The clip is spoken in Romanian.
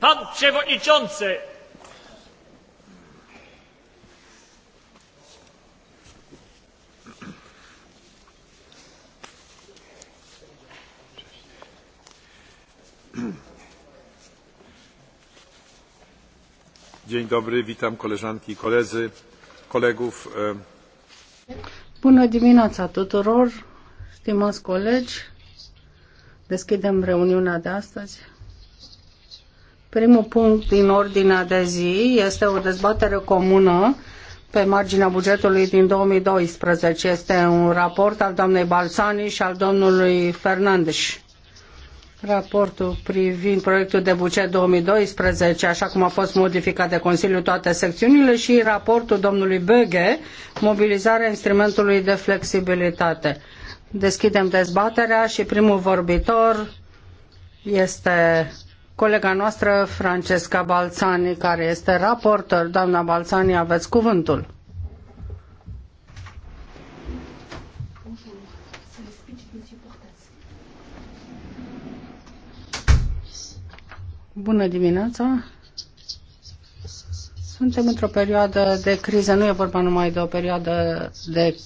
Pan Przewodniczący! Dzień dobry, witam koleżanki i koledzy, kolegów. Bună dimineața tuturor, stimați colegi. Deschidem reuniunea de astăzi. Primul punct din ordinea de zi este o dezbatere comună pe marginea bugetului din 2012. Este un raport al doamnei Balsani și al domnului Fernandes. Raportul privind proiectul de buget 2012, așa cum a fost modificat de Consiliu toate secțiunile și raportul domnului Băghe, mobilizarea instrumentului de flexibilitate. Deschidem dezbaterea și primul vorbitor este colega noastră Francesca Balzani, care este raportor. Doamna Balzani, aveți cuvântul. Bună dimineața! Suntem într-o perioadă de criză, nu e vorba numai de o perioadă de